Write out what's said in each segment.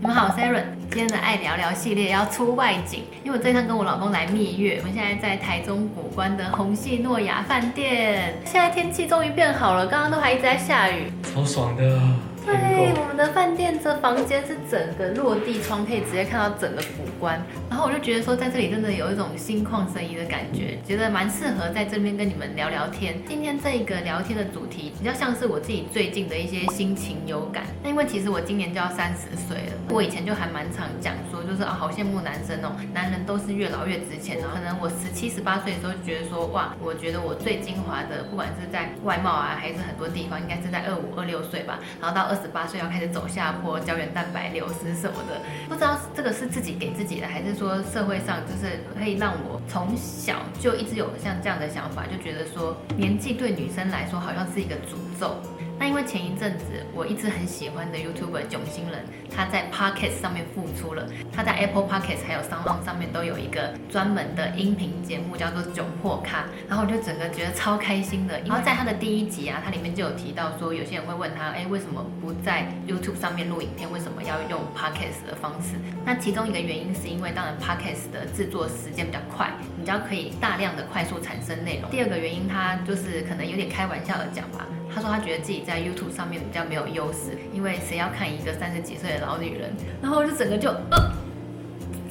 你們好我是 Erin 今天的愛聊聊系列要出外景，因為我這一趟跟我老公來蜜月，我們現在在台中谷關的鴻禧諾亞飯店，現在天氣終於變好了，剛剛都還一直在下雨，超爽的、哦。對，我們的飯店這房間是整個落地窗可以直接看到整個府關。然後我就覺得說，在這裡真的有一種心曠神怡的感覺，覺得蠻適合在這邊跟你們聊聊天。今天這一個聊天的主題比較像是我自己最近的一些心情有感。那因為其實我今年就要三十歲了，我以前就還蠻常講說。就是啊，好羨慕男生哦！男人都是越老越值錢的。可能我十七、十八歲的時候覺得說，哇，我覺得我最精華的，不管是在外貌啊，還是很多地方，應該是在二五、二六歲吧。然後到二十八歲要開始走下坡，膠原蛋白流失什麼的。不知道這個是自己給自己的，還是說社會上就是可以讓我從小就一直有像這樣的想法，就覺得說，年紀對女生來說好像是一個詛咒。那因為前一陣子我一直很喜歡的 YouTuber 囧星人，他在 Podcast 上面復出了，他在 Apple Podcast 還有 SoundOn 上面都有一個專門的音頻節目，叫做《冏破咖》，然後我就整個覺得超開心的。然後在他的第一集啊，他裡面就有提到說，有些人會問他，哎、欸，為什麼不在 YouTube 上面錄影片，為什麼要用 Podcast 的方式？那其中一個原因是因為，當然 Podcast 的製作時間比較快，你知道可以大量的快速產生內容。第二個原因，他就是可能有點開玩笑的講吧。他說他覺得自己在 YouTube 上面比較沒有優勢，因為誰要看一個三十幾歲的老女人？然後我就整個就呃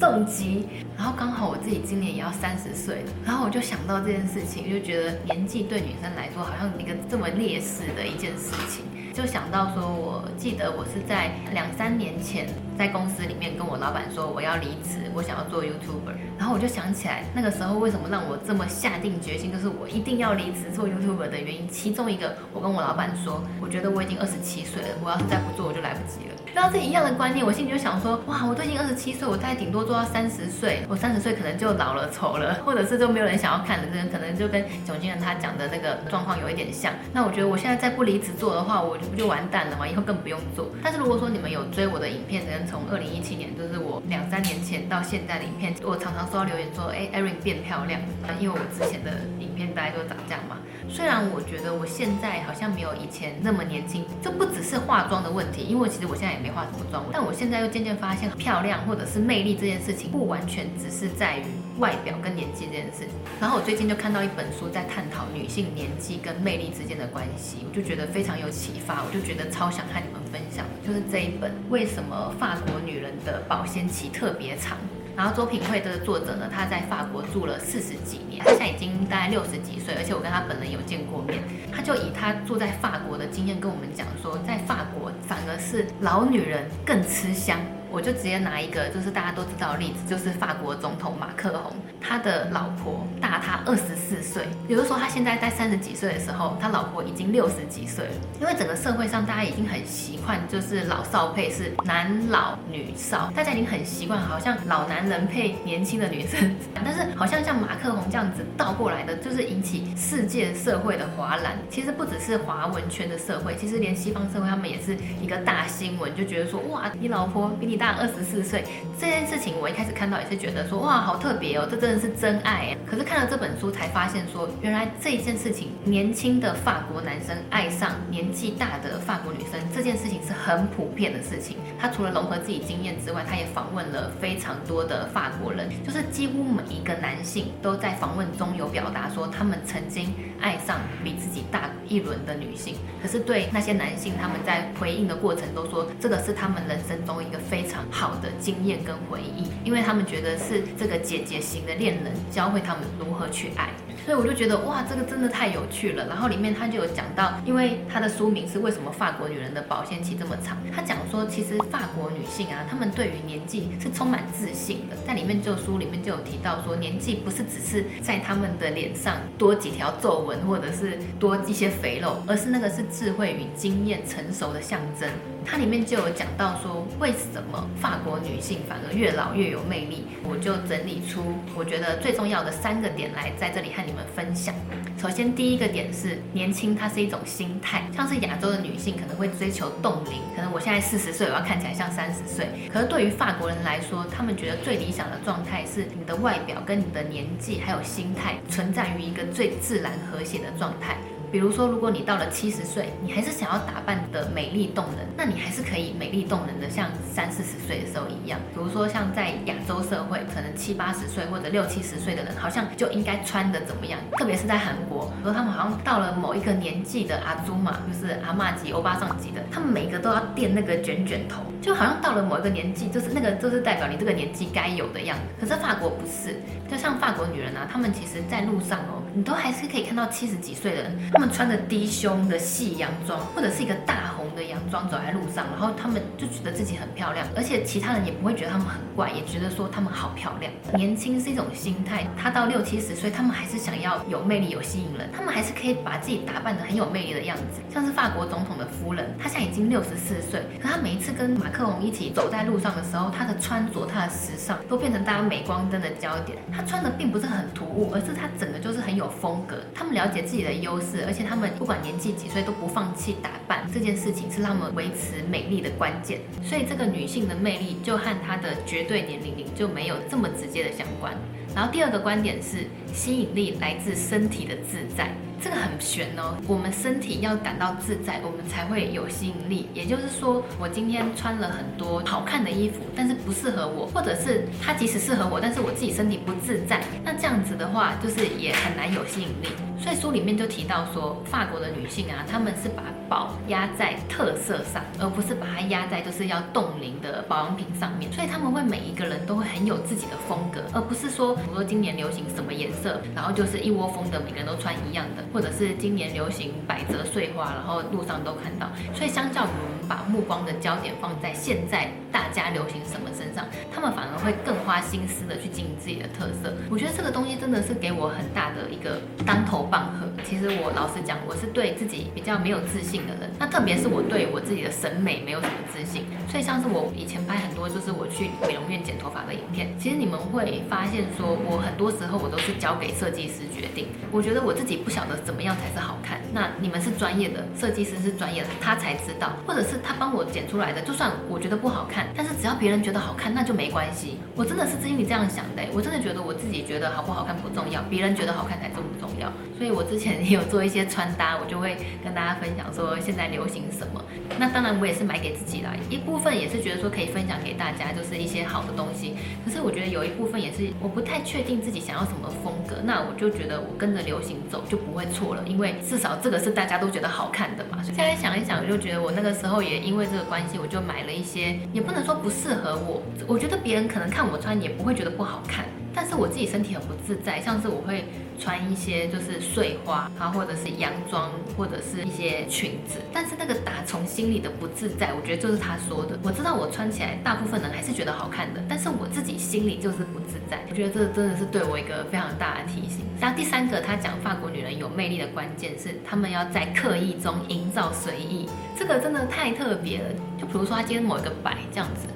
重擊。然後剛好我自己今年也要三十歲，然後我就想到這件事情，我就覺得年紀對女生來說好像一個這麼劣勢的一件事情。就想到說，我記得我是在兩三年前在公司裡面跟我老闆說我要離職，我想要做 YouTuber。然後我就想起來那個時候為什麼讓我這麼下定決心，就是我一定要離職做 YouTuber 的原因。其中一個，我跟我老闆說，我覺得我已經二十七歲了，我要是再不做，我就來不及了。然後這一樣的觀念，我心裡就想說，哇，我都已經二十七歲，我大概頂多做到三十歲，我三十歲可能就老了、醜了，或者是就沒有人想要看了。這可能就跟囧星人他講的那個狀況有一點像。那我覺得我現在再不離職做的話，我就。不就完蛋了嗎？以後更不用做。但是如果說你們有追我的影片，跟從二零一七年，就是我兩三年前到現在的影片，我常常收到留言說，哎，欸，Erin 變漂亮，因為我之前的影片大概就是長這樣嘛。雖然我覺得我現在好像沒有以前那麼年輕，這不只是化妝的問題，因為其實我現在也沒化什麼妝。但我現在又漸漸發現，漂亮或者是魅力這件事情，不完全只是在於。外表跟年紀這件事，然後我最近就看到一本書在探討女性年紀跟魅力之間的關係，我就覺得非常有啟發，我就覺得超想和你們分享的，就是這一本為什麼法國女人的保鮮期特別長。然後周品慧這個作者呢，她在法國住了四十幾年，她現在已經大概六十幾歲，而且我跟她本人有見過面，她就以她住在法國的經驗跟我們講說，在法國反而是老女人更吃香。我就直接拿一個就是大家都知道的例子，就是法國總統馬克宏，他的老婆大他二十四歲，比如說他現在在三十幾歲的時候，他老婆已經六十幾歲了。因為整個社會上大家已經很習慣，就是老少配是男老女少，大家已經很習慣，好像老男人配年輕的女生，但是好像像馬克宏這樣子倒過來的，就是引起世界社會的譁然。其實不只是華文圈的社會，其實連西方社會他們也是一個大新聞，就覺得說哇，你老婆比你。大二十四歲這件事情，我一開始看到也是覺得說，哇，好特別哦，這真的是真愛。可是看了這本書才發現說，原來這一件事情，年輕的法國男生愛上年紀大的法國女生這件事情是很普遍的事情。他除了融合自己經驗之外，他也訪問了非常多的法國人，就是幾乎每一個男性都在訪問中有表達說，他們曾經愛上比自己大一輪的女性。可是對那些男性，他們在回應的過程都說，這個是他們人生中一個非常。非常好的經驗跟回憶，因為他們覺得是這個姐姐型的戀人教會他們如何去愛。所以我就覺得哇，這個真的太有趣了。然後裡面他就有講到，因為他的書名是為什麼法國女人的保鮮期這麼長？他講說，其實法國女性啊，她們對於年紀是充滿自信的。在裡面就書裡面就有提到說，年紀不是只是在她們的臉上多幾條皺紋或者是多一些肥肉，而是那個是智慧與經驗成熟的象徵。它裡面就有講到說，為什麼法國女性反而越老越有魅力？我就整理出我覺得最重要的三個點來，在這裡和你分享，首先第一個點是年輕，它是一種心態。像是亞洲的女性可能會追求凍齡，可能我現在四十歲，我要看起來像三十歲。可是對於法國人來說，他們覺得最理想的狀態是你的外表跟你的年紀還有心態存在於一個最自然和諧的狀態。比如說，如果你到了七十歲，你還是想要打扮的美麗動人，那你還是可以美麗動人的，像三四十歲的時候一樣。比如說，像在亞洲社會，可能七八十歲或者六七十歲的人，好像就應該穿的怎麼樣？特別是在韓國，說他們好像到了某一個年紀的阿珠瑪，就是阿嬤級、歐巴桑級的，他們每一個都要墊那個卷卷頭，就好像到了某一個年紀，就是那個就是代表你這個年紀該有的樣子。可是法國不是，就像法國女人啊，她們其實在路上哦。你都還是可以看到七十幾歲的人，他們穿着低胸的細洋裝，或者是一個大紅的洋裝走在路上，然後他們就覺得自己很漂亮，而且其他人也不會覺得他們很怪，也覺得說他們好漂亮。年輕是一種心態，他到六七十歲，他們還是想要有魅力、有吸引人，他們還是可以把自己打扮得很有魅力的樣子。像是法國總統的夫人，她現在已經六十四歲，可她每一次跟馬克龍一起走在路上的時候，她的穿着、她的時尚都變成大家鎂光燈的焦點。她穿的並不是很突兀，而是她整個就是很。有風格，她們了解自己的優勢，而且她們不管年紀幾歲都不放棄打扮這件事情，是她們維持美麗的關鍵。所以，這個女性的魅力就和她的絕對年齡齡就沒有這麼直接的相關。然後第二個觀點是，吸引力來自身體的自在，這個很玄哦。我們身體要感到自在，我們才會有吸引力。也就是說，我今天穿了很多好看的衣服，但是不適合我，或者是它即使適合我，但是我自己身體不自在，那這樣子的話，就是也很難有吸引力。所以書裡面就提到說，法國的女性啊，她們是把寶押在特色上，而不是把它押在就是要凍齡的保養品上面。所以他們會每一個人都會很有自己的風格，而不是說，比如說今年流行什麼顏色，然後就是一窩蜂的每個人都穿一樣的，或者是今年流行百褶碎花，然後路上都看到。所以相較於把目光的焦點放在現在大家流行什麼身上，他們反而會更花心思的去經營自己的特色。我覺得這個東西真的是給我很大的一個當頭棒喝。其實我老實講，我是對自己比較沒有自信的人，那特別是我對我自己的審美沒有什麼自信。所以像是我以前拍很多就是我去美容院剪頭髮的影片，其實你們會發現說我很多時候我都是交給設計師決定。我覺得我自己不曉得怎麼樣才是好看。那你們是專業的設計師，是專業的，他才知道，或者是。他幫我剪出來的，就算我覺得不好看，但是只要別人覺得好看，那就沒關係。我真的是真心這樣想的、欸，我真的覺得我自己覺得好不好看不重要，別人覺得好看才重不重要。所以我之前也有做一些穿搭，我就會跟大家分享說現在流行什麼。那當然我也是買給自己的啦，一部分也是覺得說可以分享給大家，就是一些好的東西。可是我覺得有一部分也是我不太確定自己想要什麼風格，那我就覺得我跟着流行走就不會錯了，因為至少這個是大家都覺得好看的嘛。所以現在想一想，我就覺得我那個時候。也因為這個關係，我就買了一些，也不能說不適合我，我覺得別人可能看我穿也不會覺得不好看，但是我自己身體很不自在，像是我會。穿一些就是碎花，啊，或者是洋裝，或者是一些裙子，但是那個打從心裡的不自在，我覺得就是他說的。我知道我穿起來大部分人還是覺得好看的，但是我自己心裡就是不自在。我覺得這真的是對我一個非常大的提醒。然後第三個，他講法國女人有魅力的關鍵是她們要在刻意中營造隨意，這個真的太特別了。就比如說他今天抹一個白這樣子，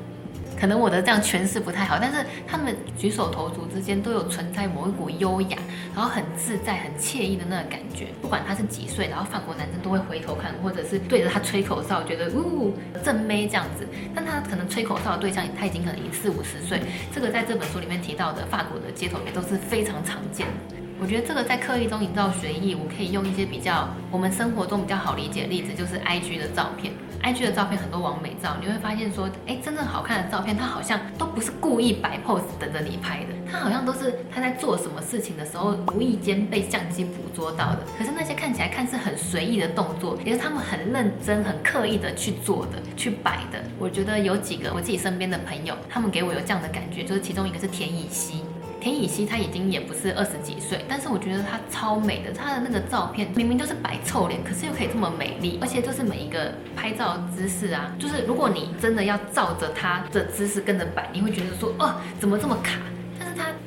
可能我的這樣詮釋不太好，但是他們舉手投足之間都有存在某一股優雅。然後很自在、很愜意的那個感覺，不管他是幾歲，然後法國男生都會回頭看，或者是對着他吹口哨，覺得嗚正妹這樣子。但他可能吹口哨的對象，他已經可能四五十歲。這個在這本書裡面提到的法國的街頭也都是非常常見的。我覺得這個在刻意中營造隨意，我可以用一些比較我們生活中比較好理解的例子，就是 IG 的照片。IG 的照片很多網美照，你會發現說，哎、欸，真正好看的照片，它好像都不是故意擺 pose 等着你拍的，它好像都是他在做什麼事情的時候，無意間被相機捕捉到的。可是那些看起來看似很隨意的動作，也是他們很認真、很刻意的去做的，去擺的。我覺得有幾個我自己身邊的朋友，他們給我有這樣的感覺，就是其中一個是田以希。田以希她已經也不是二十幾歲，但是我覺得她超美的。她的那個照片明明就是擺臭臉，可是又可以這麼美麗，而且就是每一個拍照姿勢啊，就是如果你真的要照着她的姿勢跟着擺，你會覺得說哦，怎麼這麼卡？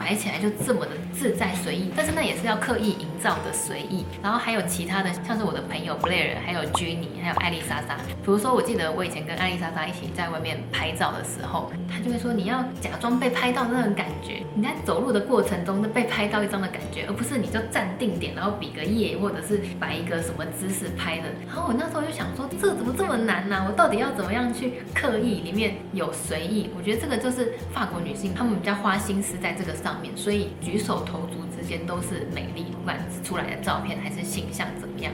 拍起來就這麼的自在隨意，但是那也是要刻意營造的隨意。然後還有其他的，像是我的朋友 Blair，還有 Jenny，還有艾麗莎莎。比如說，我記得我以前跟艾麗莎莎一起在外面拍照的時候，她就會說你要假裝被拍到那種感覺，你在走路的過程中被拍到一張的感覺，而不是你就站定點然後比個耶或者是擺一個什麼姿勢拍的。然後我那時候就想說，這怎麼這麼難呢、啊？我到底要怎麼樣去刻意裡面有隨意？我覺得這個就是法國女性，她們比較花心思在這個上面。所以舉手投足之間都是美麗，不管出來的照片還是形象怎麼樣。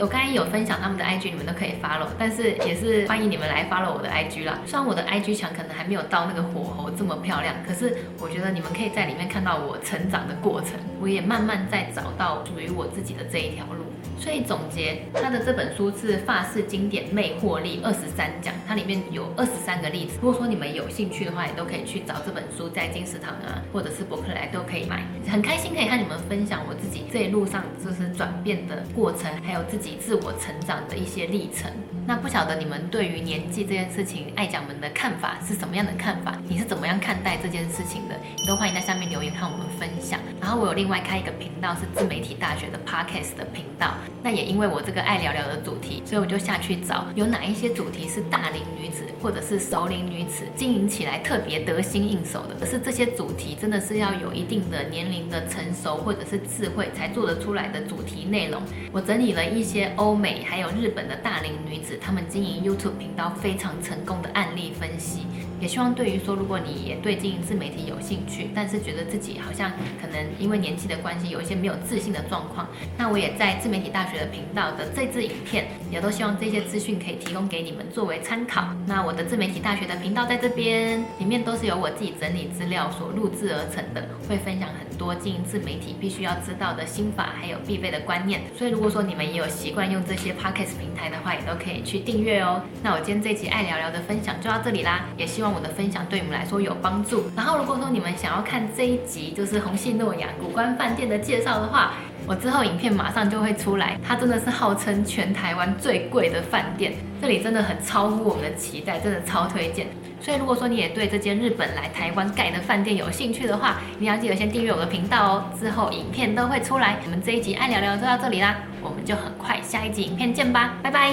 我剛才有分享他們的 IG，你們都可以 follow，但是也是歡迎你們來 follow 我的 IG 啦。雖然我的 IG 牆可能還沒有到那個火候這麼漂亮，可是我覺得你們可以在裡面看到我成長的過程，我也慢慢在找到屬於我自己的這一條路。所以總結，他的這本書是《法式經典魅惑力二十三講》，它裡面有二十三個例子。如果說你們有興趣的話，也都可以去找這本書，在金石堂啊，或者是博客來都可以買。很開心可以和你們分享我自己這一路上就是轉變的過程，還有自己自我成長的一些歷程。那不曉得你們對於年紀這件事情，艾醬們的看法是什麼樣的看法？你是怎麼樣看待這件事情的？你都歡迎在下面留言和我們分享。然後我有另外開一個頻道，是自媒體大學的 Podcast 的頻道。那也因為我這個愛聊聊的主題，所以我就下去找有哪一些主題是大齡女子或者是熟齡女子經營起來特別得心應手的。可是這些主題真的是要有一定的年齡的成熟或者是智慧才做得出來的主題內容。我整理了一些歐美還有日本的大齡女子她們經營 YouTube 頻道非常成功的案例分析。也希望對於說，如果你也對經營自媒體有興趣，但是覺得自己好像可能因為年紀的關係，有一些沒有自信的狀況，那我也在自媒體大學的頻道的這支影片，也都希望這些資訊可以提供給你們作為參考。那我的自媒體大學的頻道在這邊，裡面都是由我自己整理資料所錄製而成的，會分享很多經營自媒體必須要知道的心法，還有必備的觀念。所以如果說你們也有習慣用這些 podcast 平台的話，也都可以去訂閱哦。那我今天這一集艾聊聊的分享就到這裡啦，也希望。我的分享對你們來說有幫助。然後，如果說你們想要看這一集，就是《虹夕諾雅谷關飯店》的介紹的話，我之後影片馬上就會出來。它真的是號稱全台灣最貴的飯店，這裡真的很超乎我們的期待，真的超推薦。所以，如果說你也對這間日本來台灣蓋的飯店有興趣的話，你要記得先訂閱我的頻道哦。之後影片都會出來。我們這一集愛聊聊就到這裡啦，我們就很快下一集影片見吧，拜拜。